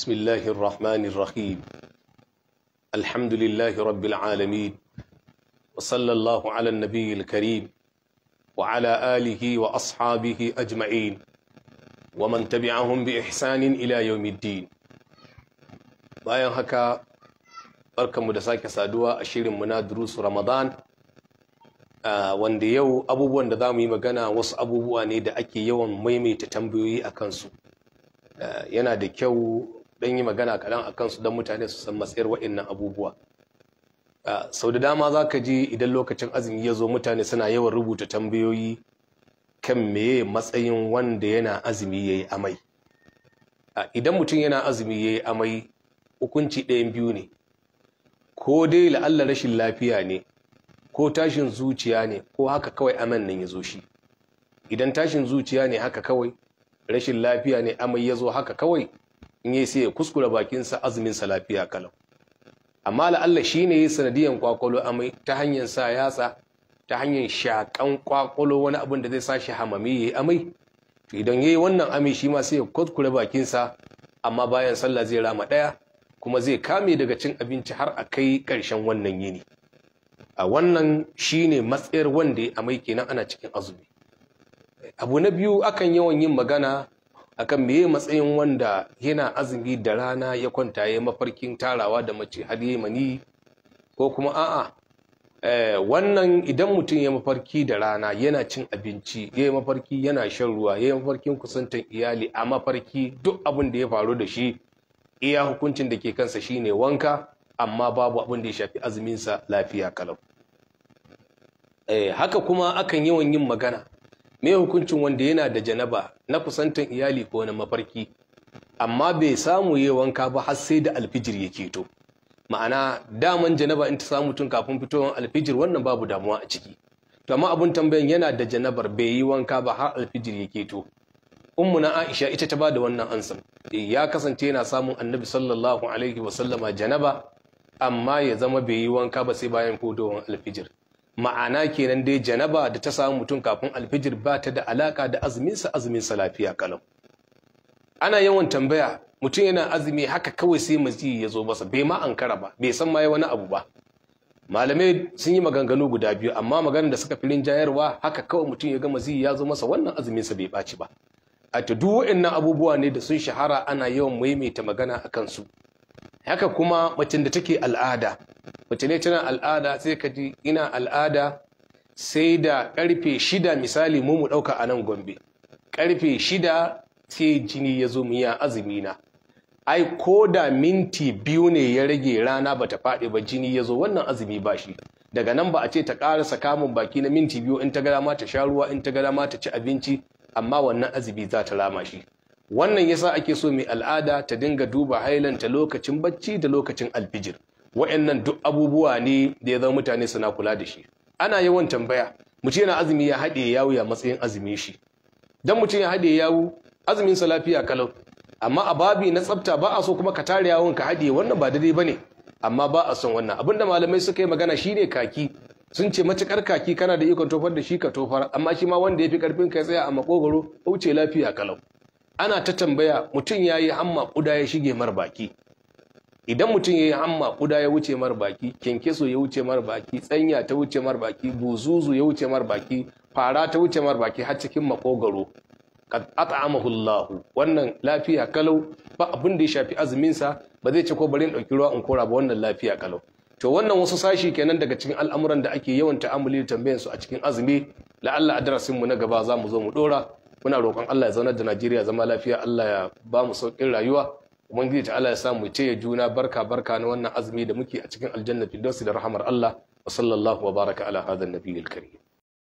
بسم الله الرحمن الرحيم الحمد لله رب العالمين وصلى الله على النبي الكريم وعلى آله وأصحابه أجمعين ومن تبعهم بإحسان إلى يوم الدين bayan haka mu da sake saduwa a shirin na durusu ramadan wanda yau abubuwan da za mu yi magana wasu abubuwa ne da ake yawan maimaita tambayoyi a kansu yana da kyau dan yi magana kaɗan a kansu don mutane su san matsayar waɗannan abubuwa sau da dama za ka ji idan lokacin azumi ya zo mutane suna yawan rubuta tambayoyi kan meye matsayin wanda yana azumi ya yi amai idan mutum yana azumi ya yi amai hukunci ɗayan biyu ne ko dai la'alla rashin lafiya ne ko tashin zuciya ne ko haka kawai aman nan ya zo shi idan tashin zuciya ne haka kawai rashin lafiya ne amai ya zo haka kawai in yi sai ya kuskura bakinsa azumin sa lafiya kalau amma la'alla shine ne sanadiyan kwakwalo amai ta hanyar sa yatsa ta hanyar shakan kwakwalo wani abin da zai sa shi hamami ya amai to idan yayi wannan amai shi ma sai ya kuskura bakinsa amma bayan sallah zai rama ɗaya kuma zai kame daga cin abinci har a kai ƙarshen wannan yini a wannan shine matsayar wanda ya amai kenan ana cikin azumi abu na biyu akan yawan yin magana akan meye matsayin wanda yana azumi da rana ya kwanta ya mafarkin tarawa da mace har yi mani ko kuma a'a eh, wannan idan mutum ya mafarki da rana yana cin abinci ya yi mafarki yana shan ruwa ya yi mafarkin kusantan iyali a mafarki duk abin da ya faru da shi iya hukuncin da ke kansa shine wanka amma babu abin da ya shafi azuminsa lafiya kalau eh, haka kuma akan yawan yin magana me hukuncin wanda yana da janaba na kusantan iyali ko na mafarki amma bai samu yi wanka ba har sai da alfijir ya keto ma'ana daman janaba in ta samu tun kafin fitowar alfijir wannan babu damuwa a ciki to amma abun tambayan yana da janabar bai yi wanka ba har alfijir ya keto ummu na Aisha ita ta bada wannan ansa eh, ya kasance yana samun annabi sallallahu alaihi wa sallama janaba amma ya zama bai yi wanka ba sai bayan fitowar alfijir ma'ana kenan dai janaba da ta samu mutum kafin alfijir ba ta da alaka da azuminsa azuminsa lafiya kalau ana yawan tambaya mutum yana azumi haka kawai sai mazi ya zo masa bai ma ankara ba bai san ma wani abu ba malamai sun yi maganganu guda biyu amma maganar da suka fi rinjayarwa haka kawai mutum ya ga mazi ya zo masa wannan azuminsa bai ɓaci ba a ta duk waɗannan abubuwa ne da sun shahara ana yawan maimaita magana a kansu haka kuma macin da take al'ada mace ne tana al'ada sai ka ji ina al'ada sai da karfe shida misali mu mu ɗauka a nan gombe karfe shida sai jini ya zo miya azumi na ai ko da minti biyu ne ya rage rana bata faɗi ba jini ya zo wannan azumi ba shi daga nan ba a ce ta ƙarasa kamun baki na minti biyu in ta gada ma ta sha ruwa in ta gada ma ta ci abinci amma wannan azumi za ta rama shi wannan yasa ake so mai al'ada ta dinga duba hailanta lokacin bacci da lokacin alfijir wa'annan duk abubuwa ne da ya zama mutane suna kula da shi ana yawan tambaya mutum yana azumi ya haɗe yawu ya matsayin azumi shi dan mutum ya haɗe yawo azumin sa lafiya kalau amma a babi na tsafta ba a so kuma ka tare yawon ka haɗe wannan ba daidai bane amma ba a son wannan abinda malamai suka yi magana shine kaki sun ce matukar kaki kana da ikon tofar da shi ka tofar amma shi ma wanda ya fi karfin ya tsaya a makogoro wuce lafiya kalau ana ta tambaya mutum ya yi hamma kuda ya shige mar baki idan mutum ya yi hamma kuda ya wuce mar baki kyankyaso ya wuce mar baki tsanya ta wuce mar baki buzuzu ya wuce mar baki fara ta wuce mar baki har cikin makogaro qad at'amahu Allah wannan lafiya kalau ba abin da ya shafi azumin sa ba zai ci ko bari in dauki ruwa in kora ba wannan lafiya kalau to wannan wasu sashi kenan daga cikin al'amuran da ake yawan ta'amuli da tambayan su a cikin azumi la'alla a darasin mu na gaba za mu zo mu dora muna roƙon Allah ya zaunar da Najeriya zama lafiya Allah ya ba mu sauƙin rayuwa ubangiji ta Allah ya samu ce ya juna barka barka na wannan azumi da muke a cikin aljanna firdausi da rahamar Allah wa sallallahu wa baraka ala hadha an-nabiyil karim